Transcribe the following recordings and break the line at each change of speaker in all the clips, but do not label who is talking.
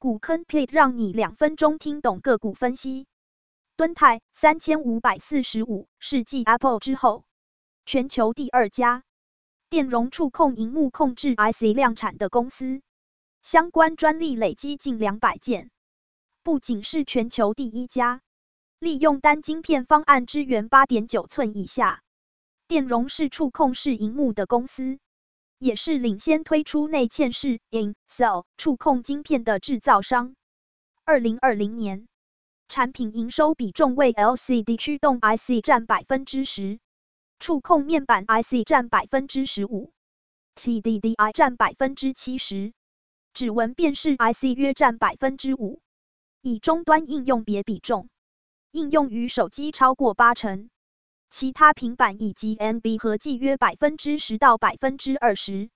股坑 plate 讓你兩分鐘聽懂個股分析。敦泰三千五百四十五是繼 Apple 之後全球第二家電容觸控熒幕控制 IC 量產的公司，相關專利累積近兩百件，不僅是全球第一家利用單晶片方案支援八點九寸以下電容式觸控式熒幕的公司。也是領先推出內嵌式 InCell 觸控晶片的製造商。二零二零年，產品營收比重為 LCD 驅動 IC 占百分之十，觸控面板 IC 占百分之十五，TDDI 占百分之七十，指紋辨識 IC 約占百分之五。以終端應用別比重，應用於手機超過八成。其他平板以及 NB 合計約百分之十到百分之二十、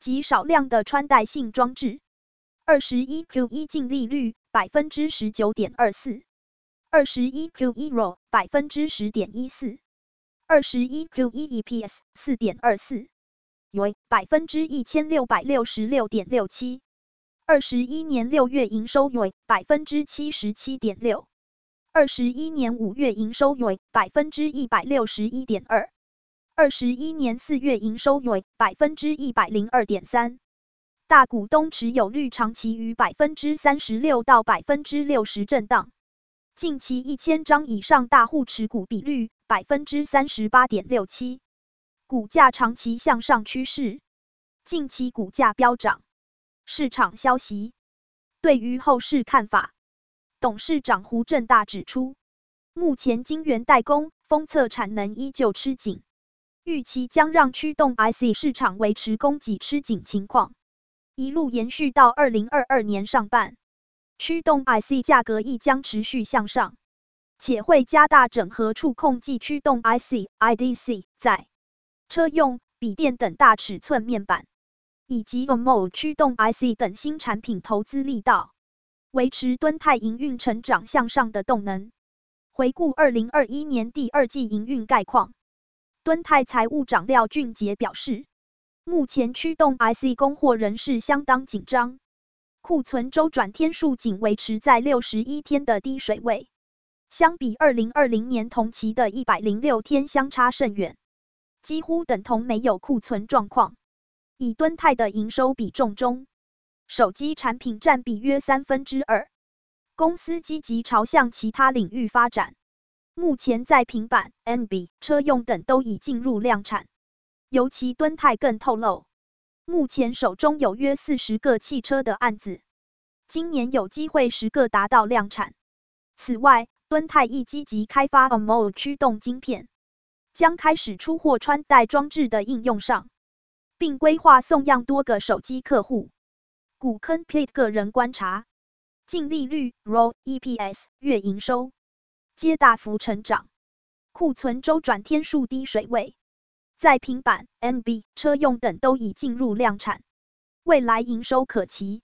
及少量的穿戴性裝置。二十一 Q 一淨利率百分之十九點二四，二十一 Q 一 ROE 百分之十點一四，二十一 Q 一 EPS 四點二四，YoY 百分之一千六百六十六點六七，二十一年六月營收 YoY 百分之七十七點六。二十一年五月營收為百分之一百六十一點二，二十一年四月營收為百分之一百零二點三，大股東持有率長期於百分之三十六到百分之六十震盪，近期一千張以上大戶持股比率百分之三十八點六七，股價長期向上趨勢，近期股價飆漲，市場消息，對於後市看法。董事長胡正大指出，目前晶圓代工封測產能依舊吃緊，預期將讓驅動 IC 市場維持供給吃緊情況，一路延續到二零二二年上半，驅動 IC 價格亦將持續向上，且會加大整合觸控及驅動 IC、IDC 在車用、筆電等大尺寸面板以及 r OMO 驅動 IC 等新產品投資力道。維持敦泰營運成長向上的動能。回顧二零二一年第二季營運概況，敦泰財務長廖俊杰表示，目前驅動 IC 供貨仍是相當緊張，庫存周轉天數僅維持在六十一天的低水位，相比二零二零年同期的一百零六天相差甚遠，幾乎等同沒有庫存狀況。以敦泰的營收比重中，手機產品佔比約三分之二，公司積極朝向其他領域發展。目前在平板、NB、車用等都已進入量產。尤其敦泰更透露，目前手中有約四十個汽車的案子，今年有機會十個達到量產。此外，敦泰亦積極開發 AMOLED 驅動晶片，將開始出貨穿戴裝置的應用上，並規劃送樣多個手機客戶。股坑 plate 個人觀察，淨利率、ROE、EPS、月營收皆大幅成長，庫存周轉天數低水位，在平板、NB、車用等都已進入量產，未來營收可期。